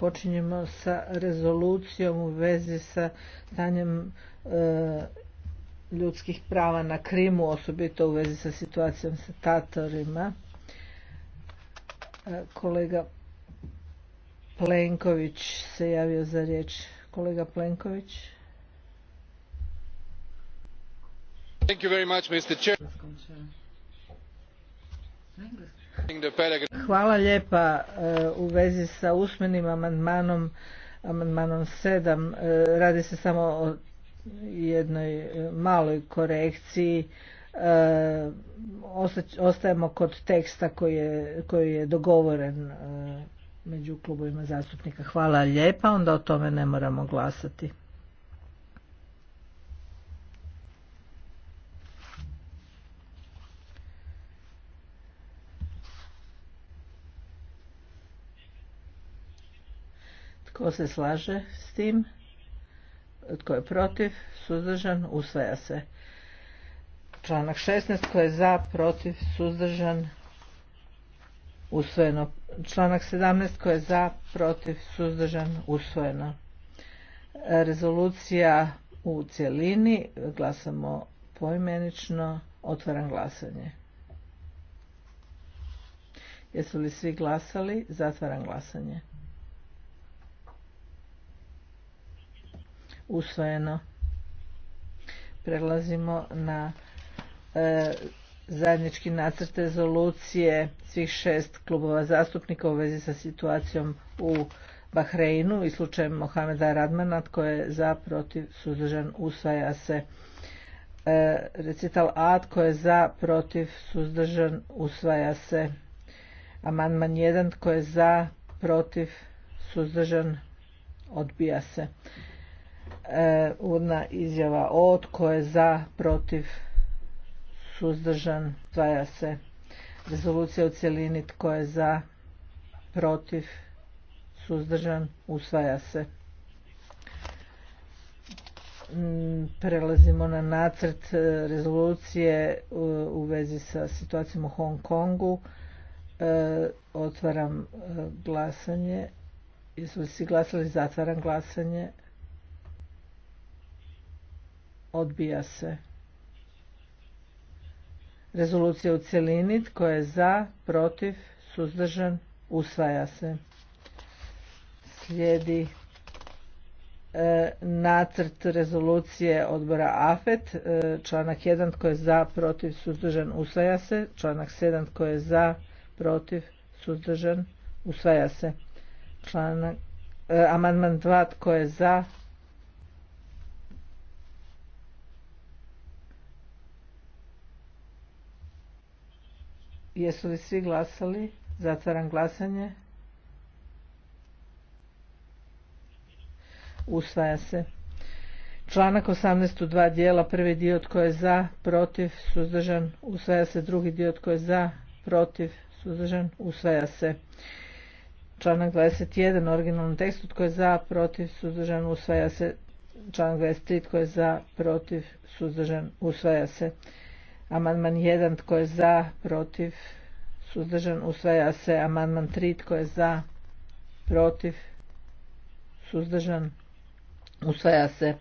počinjemo sa rezolucijom u vezi sa stanjem e, ljudskih prava na Krimu, osobito u vezi sa situacijom sa Tatorima. E, kolega Plenković se javio za riječ. Kolega Plenković. Thank you very much, Mr. Chair. Hvala lijepa e, u vezi sa usmenim amandmanom, amandmanom 7. E, radi se samo o jednoj e, maloj korekciji. Ostajemo kod teksta koji je, koji je dogovoren među klubovima zastupnika. Hvala lijepa, onda o tome ne moramo glasati. Tko se slaže s tim? Tko je protiv? Suzdržan? Usvaja se. Članak 16. Tko je za? Protiv? Suzdržan? Usvojeno. Članak 17. Tko je za? Protiv? Suzdržan? Usvojeno. Rezolucija u cjelini. Glasamo poimenično. Otvaram glasanje. Jesu li svi glasali? Zatvaram glasanje. usvojeno. Prelazimo na e, zajednički nacrt rezolucije svih šest klubova zastupnika u vezi sa situacijom u Bahreinu i slučajem Mohameda Radmana tko je za protiv suzdržan usvaja se e, recital A tko je za protiv suzdržan usvaja se amandman 1 tko je za protiv suzdržan odbija se Eh, uvodna izjava o tko je za, protiv, suzdržan, tvaja se. Rezolucija u cjelini tko je za, protiv, suzdržan, usvaja se. Mm, prelazimo na nacrt eh, rezolucije eh, u vezi sa situacijom u Hong Kongu. Otvaram glasanje. Jesu li svi glasali? Zatvaram glasanje odbija se. Rezolucija u cjelini, tko je za, protiv, suzdržan, usvaja se. Slijedi e, nacrt rezolucije odbora AFET, e, članak 1 tko je za, protiv, suzdržan, usvaja se, članak 7 tko je za, protiv, suzdržan, usvaja se. E, amandman 2 tko je za, Jesu li svi glasali? Zatvaram glasanje. Usvaja se. Članak 18 u dva dijela, prvi dio tko je za, protiv, suzdržan, usvaja se, drugi dio tko je za, protiv, suzdržan, usvaja se. Članak 21 originalnom tekstu tko je za, protiv, suzdržan, usvaja se. Članak 23 tko je za, protiv, suzdržan, usvaja se. Amandman 1 tko je za, protiv, suzdržan, usvaja se. Amandman 3 tko je za, protiv, suzdržan, usvaja se.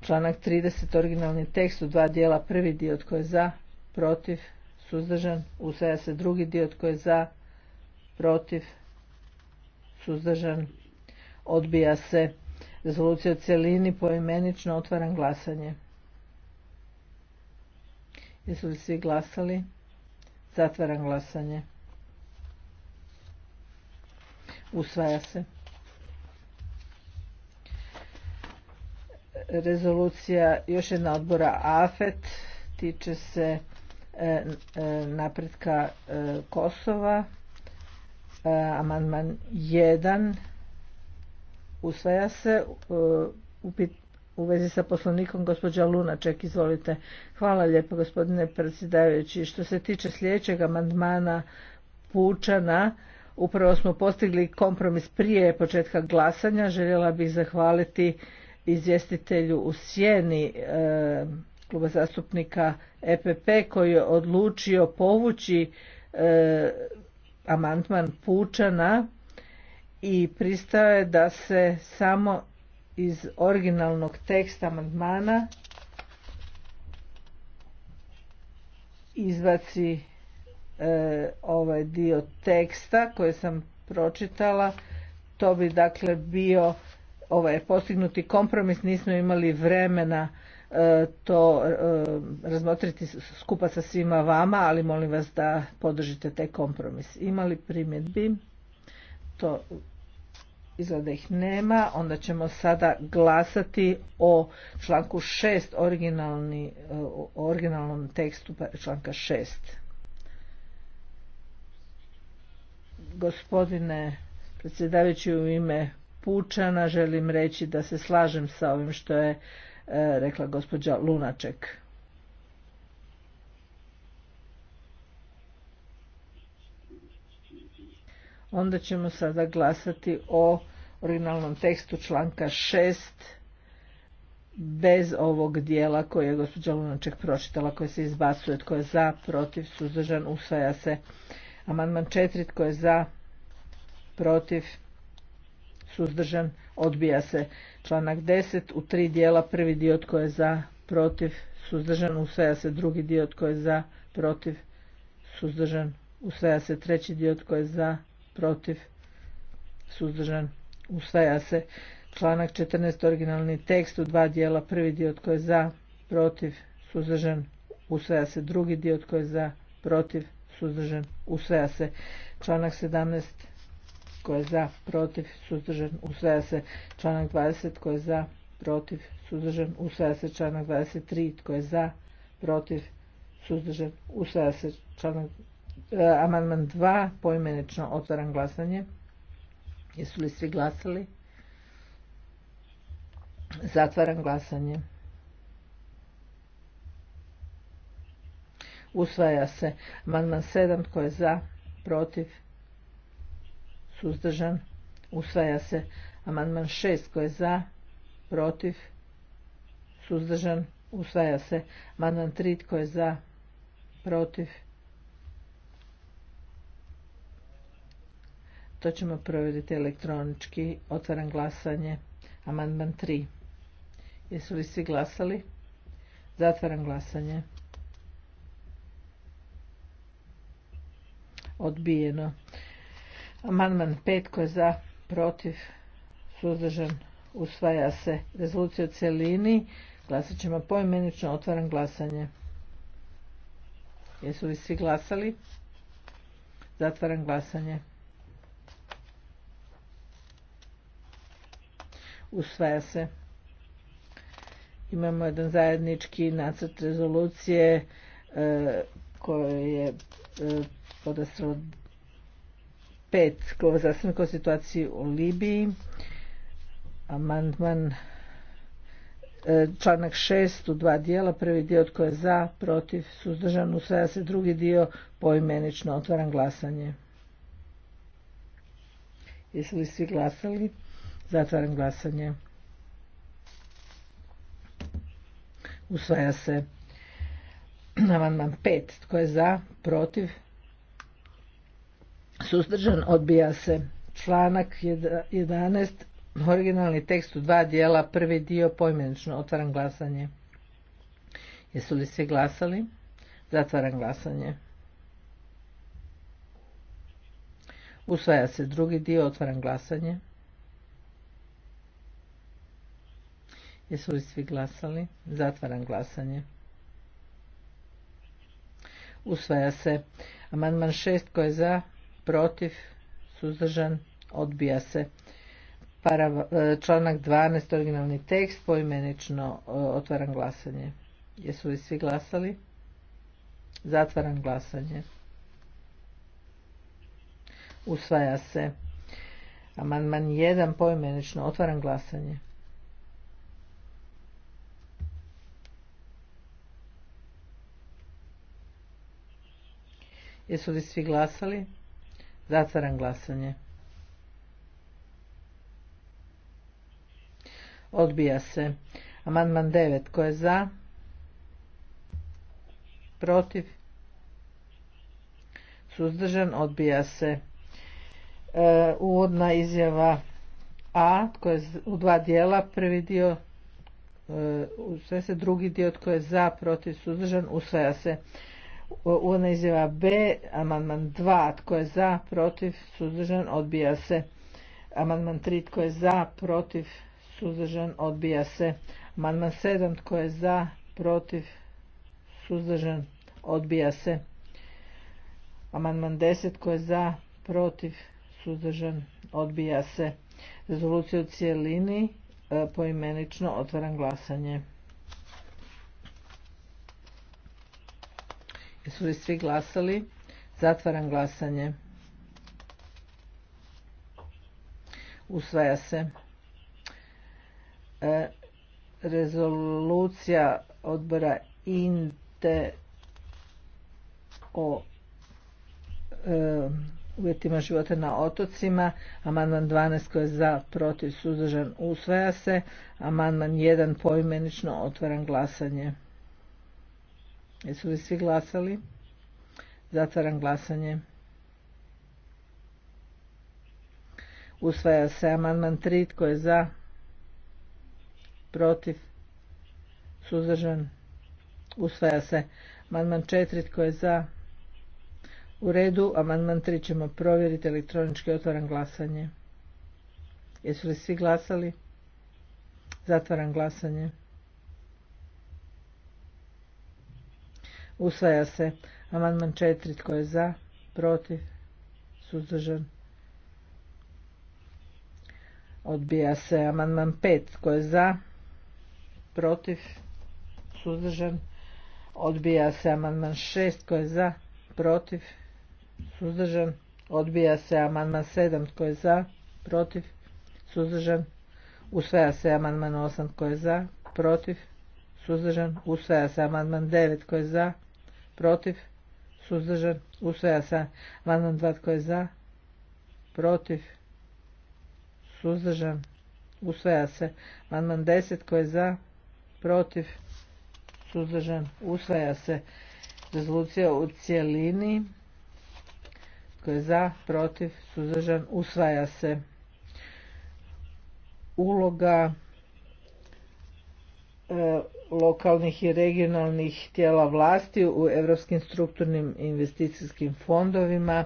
Članak 30 originalni tekst u dva dijela, prvi dio tko je za, protiv, suzdržan, usvaja se drugi dio tko je za, protiv, suzdržan, odbija se. Rezolucija u cjelini poimenično otvaram glasanje. Jesu li svi glasali? Zatvaram glasanje. Usvaja se. Rezolucija još jedna odbora AFET tiče se e, e, napretka e, Kosova. Amandman 1 usvaja se upit u vezi sa poslovnikom gospođa Lunaček, izvolite. Hvala lijepo gospodine predsjedavajući. Što se tiče sljedećeg amandmana Pučana, upravo smo postigli kompromis prije početka glasanja. Željela bih zahvaliti izvjestitelju u sjeni e, kluba zastupnika EPP koji je odlučio povući e, amandman Pučana i pristaje da se samo iz originalnog teksta amandmana izbaci e, ovaj dio teksta koje sam pročitala to bi dakle bio ovaj postignuti kompromis nismo imali vremena e, to e, razmotriti skupa sa svima vama ali molim vas da podržite taj kompromis imali primjedbi to Izgleda da ih nema. Onda ćemo sada glasati o članku 6, originalni, o originalnom tekstu pa- članka 6. Gospodine predsjedavajući u ime Pučana želim reći da se slažem sa ovim što je e, rekla gospođa Lunaček. Onda ćemo sada glasati o originalnom tekstu članka 6 bez ovog dijela koje je gospođa Lunaček pročitala, koje se izbacuje, tko je za, protiv, suzdržan, usvaja se. Amandman 4, tko je za, protiv, suzdržan, odbija se. Članak 10, u tri dijela, prvi dio tko je za, protiv, suzdržan, usvaja se. Drugi dio tko je za, protiv, suzdržan, usvaja se. Treći dio tko je za, protiv, suzdržan, usvaja se. Članak 14. originalni tekst u dva dijela, prvi dio tko je za, protiv, suzdržan, usvaja se. Drugi dio tko je za, protiv, suzdržan, usvaja se. Članak 17. tko je za, protiv, suzdržan, usvaja se. Članak 20. tko je za, protiv, suzdržan, usvaja se. Članak 23. tko je za, protiv, suzdržan, usvaja se. Članak E, amandman 2 poimenično otvaram glasanje jesu li svi glasali zatvaram glasanje usvaja se amandman 7 tko je za protiv suzdržan usvaja se amandman 6 tko je za protiv suzdržan usvaja se amandman 3 tko je za protiv To ćemo provjeriti elektronički. Otvaram glasanje. Amandman 3. Jesu li svi glasali? Zatvaram glasanje. Odbijeno. Amandman 5 koji je za, protiv, suzdržan, usvaja se rezolucija u cjelini. Glasat ćemo poimenično, otvaram glasanje. Jesu li svi glasali? Zatvaram glasanje. usvaja se. Imamo jedan zajednički nacrt rezolucije e, koje je e, podastralo pet klova zastupnika o situaciji u Libiji. Amandman e, članak šest u dva dijela, prvi dio tko je za, protiv, suzdržan, usvaja se drugi dio poimenično, otvaram glasanje. Jesu li svi glasali? Zatvaram glasanje. Usvaja se amandman pet, Tko je za? Protiv? Suzdržan odbija se članak 11. Originalni tekst u dva dijela. Prvi dio pojmenično. Otvaram glasanje. Jesu li svi glasali? Zatvaram glasanje. Usvaja se drugi dio. Otvaram glasanje. Jesu li svi glasali? Zatvaram glasanje. Usvaja se. Amandman 6 tko je za, protiv, suzdržan, odbija se. E, članak 12, originalni tekst, poimenično e, otvaram glasanje. Jesu li svi glasali? Zatvaram glasanje. Usvaja se. Amandman 1, poimenično otvaram glasanje. Jesu li svi glasali? Zatvaram glasanje. Odbija se. Amandman 9. Ko je za? Protiv? Suzdržan? Odbija se. E, uvodna izjava A. Tko je u dva dijela. Prvi dio e, sve se drugi dio tko je za, protiv, suzdržan, usvaja se. Uvodna izjava B, amandman 2, tko je za, protiv, suzdržan, odbija se. Amandman 3, tko je za, protiv, suzdržan, odbija se. Amandman 7, tko je za, protiv, suzdržan, odbija se. Amandman 10, tko je za, protiv, suzdržan, odbija se. Rezolucija u cijelini, e, poimenično otvaram glasanje. Jesu li svi glasali? Zatvaram glasanje. Usvaja se. E, rezolucija odbora INTE o e, uvjetima života na otocima. Amandman 12 koji je za, protiv, suzdržan, usvaja se. Amandman 1 poimenično otvaram glasanje. Jesu li svi glasali? Zatvaram glasanje. Usvaja se amandman 3. Tko je za? Protiv? Suzdržan? Usvaja se amandman 4. Tko je za? U redu, amandman 3 ćemo provjeriti elektronički otvaram glasanje. Jesu li svi glasali? Zatvaram glasanje. Usvaja se. Amandman 4. Tko je za? Protiv? Suzdržan? Odbija se. Amandman 5. Tko je za? Protiv? Suzdržan? Odbija se. Amandman 6. Tko je za? Protiv? Suzdržan? Odbija se. Amandman 7. Tko je za? Protiv? Suzdržan? Usvaja se. Amandman 8. Tko je za? Protiv? Suzdržan? Usvaja se. Amandman 9. Tko je za? protiv, suzdržan, usvaja se. Amandman 2 tko je za, protiv, suzdržan, usvaja se. Amandman 10 tko je za, protiv, suzdržan, usvaja se. Rezolucija u cjelini. Tko je za, protiv, suzdržan, usvaja se. Uloga E, lokalnih i regionalnih tijela vlasti u europskim strukturnim investicijskim fondovima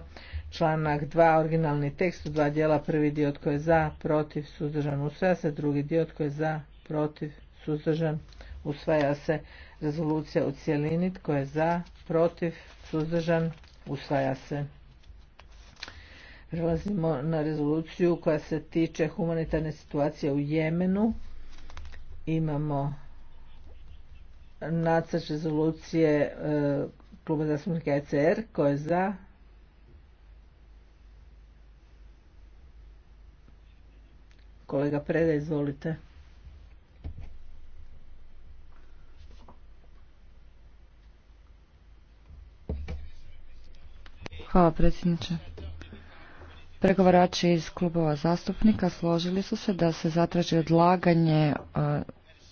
članak 2 originalni tekst u dva dijela prvi dio tko je za protiv suzdržan usvaja se drugi dio tko je za protiv suzdržan usvaja se rezolucija u cjelini tko je za protiv suzdržan usvaja se Prelazimo na rezoluciju koja se tiče humanitarne situacije u Jemenu. Imamo nacrt rezolucije e, kluba zastupnika ECR. Ko je za? Kolega Preda, izvolite. Hvala predsjedniče. Pregovarači iz klubova zastupnika složili su se da se zatraži odlaganje e,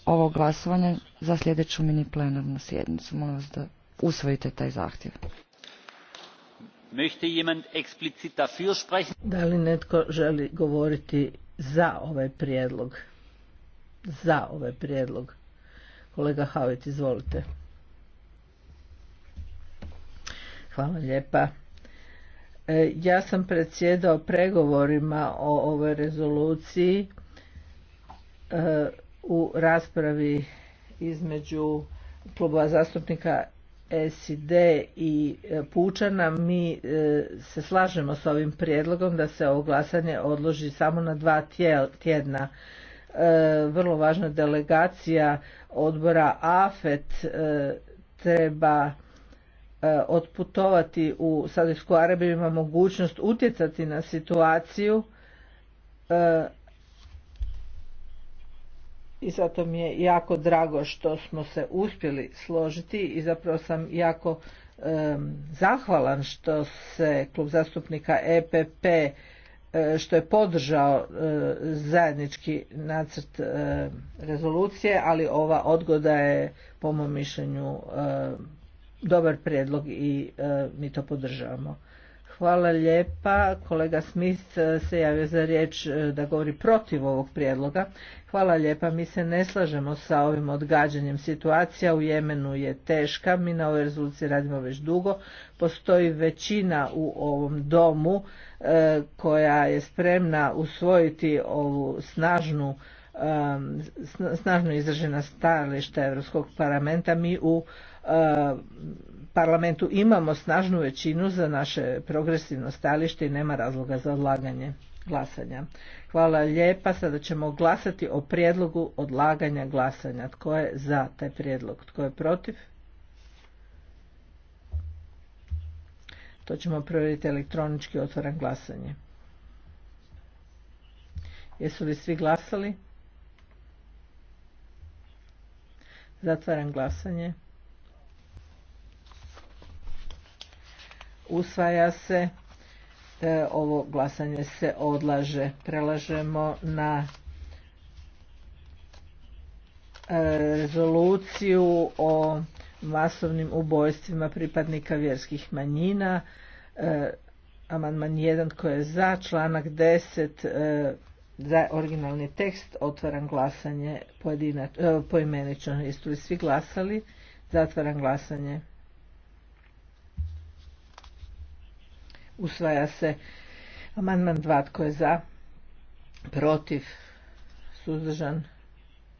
ovo glasovanje za sljedeću mini plenarnu sjednicu. Molim vas da usvojite taj zahtjev. Da li netko želi govoriti za ovaj prijedlog? Za ovaj prijedlog. Kolega Havit, izvolite. Hvala lijepa. E, ja sam predsjedao pregovorima o ovoj rezoluciji e, u raspravi između klubova zastupnika SID i e, Pučana mi e, se slažemo s ovim prijedlogom da se ovo glasanje odloži samo na dva tjedna. E, vrlo važna delegacija odbora AFET treba otputovati u Saudijsku Arabiju ima mogućnost utjecati na situaciju i zato mi je jako drago što smo se uspjeli složiti i zapravo sam jako e, zahvalan što se klub zastupnika EPP e, što je podržao e, zajednički nacrt e, rezolucije, ali ova odgoda je po mom mišljenju dobar prijedlog i mi to podržavamo. Hvala lijepa. Kolega Smith eh, se javio za riječ eh, da govori protiv ovog prijedloga. Hvala lijepa. Mi se ne slažemo sa ovim odgađanjem. Situacija u Jemenu je teška. Mi na ovoj rezoluciji radimo već dugo. Postoji većina u ovom domu eh, koja je spremna usvojiti ovu snažnu ehm, snažno izražena stajališta Europskog parlamenta mi u parlamentu imamo snažnu većinu za naše progresivno stajalište i nema razloga za odlaganje glasanja. Hvala lijepa. Sada ćemo glasati o prijedlogu odlaganja glasanja. Tko je za taj prijedlog? Tko je protiv? To ćemo provjeriti elektronički otvoran glasanje. Jesu li svi glasali? Zatvaram glasanje. usvaja se e, ovo glasanje se odlaže prelažemo na e, rezoluciju o masovnim ubojstvima pripadnika vjerskih manjina e, amandman 1 koji je za članak 10 za originalni tekst otvaram glasanje poimenično. Jeste li svi glasali? Zatvaram glasanje. usvaja se amandman dva. tko je za protiv suzdržan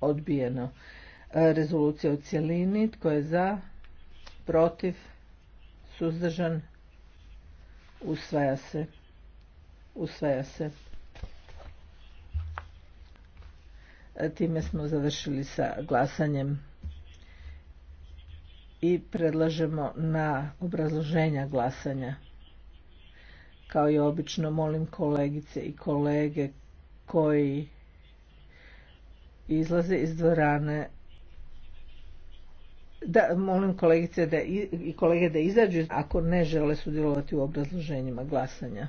odbijeno e, rezolucija u cjelini tko je za protiv suzdržan usvaja se usvaja se e, time smo završili sa glasanjem i predlažemo na obrazloženja glasanja kao i obično molim kolegice i kolege koji izlaze iz dvorane da molim kolegice i kolege da izađu ako ne žele sudjelovati u obrazloženjima glasanja.